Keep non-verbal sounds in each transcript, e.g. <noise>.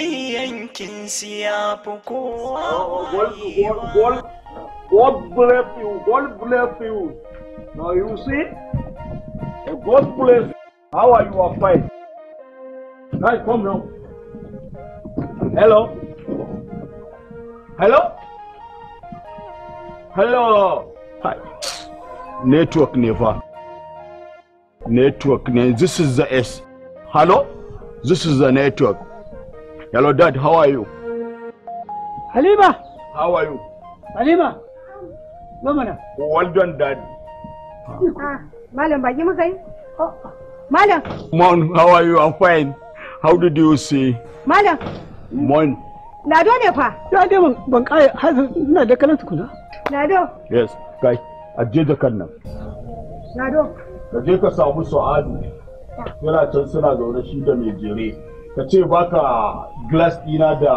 wani yankin siyafi kowa God bless you, God bless you. Now you see, God bless you. How are you afraid? Guys, come now. Hello? Hello? Hello? Hi. Network never. Network, ne this is the S. Hello? This is the network. Hello, Dad. How are you? Halima. How are you? Halima. Zo mana. Well done, Dad. Ah, malam, baki muka oh, Malam. Mon, how are you? I'm fine. How did you see? Malam. Mon. Lado ne fa? Ya dai ban kai hazu ina da kalan tukuna. Lado. Yes, kai. Aje da kan nan. Lado. Ka je ka samu Su'adu. Ah. Yana can suna zaune shi da mai jere. ka ce ba ka glass dina da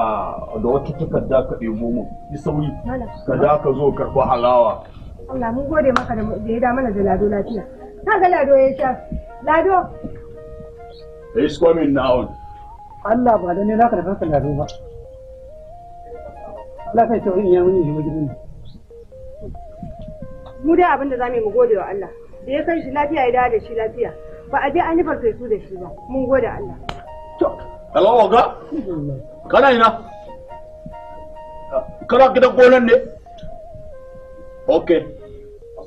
da wata takarda ka ɗebo mu yi sauri ka da ka zo karɓa halawa Allah mun gode maka da ya da mana da lado lafiya ka ga lado ya sha lado he is coming now Allah ba da ne na karɓa ka lado ba Allah kai tauri ya wuni jimu jimu mu dai abinda za mu yi mu gode wa Allah da ya san shi lafiya ya dawo da shi lafiya ba a je an yi farfesu da shi ba mun gode Allah 叫。Hello, Oga? Kana ina? Ah, kana gidan gonan ne? Ok.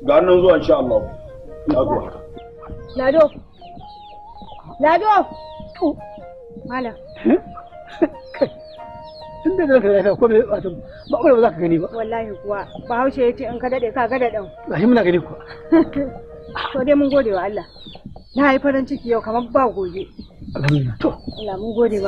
Ga nan zuwa insha Allah. Lado. Lado. Lado. To. Mala. Tun da zaka lafiya kome bai wato ba ba za ka gani ba. Wallahi kuwa Bahaushe ya ce in ka dade ka ga da dan. Gashi muna gani kuwa. <laughs> To dai mun gode wa Allah. na yi ciki yau kamar ba gobe. Alhamdulillah. To, Allah mun gode ba.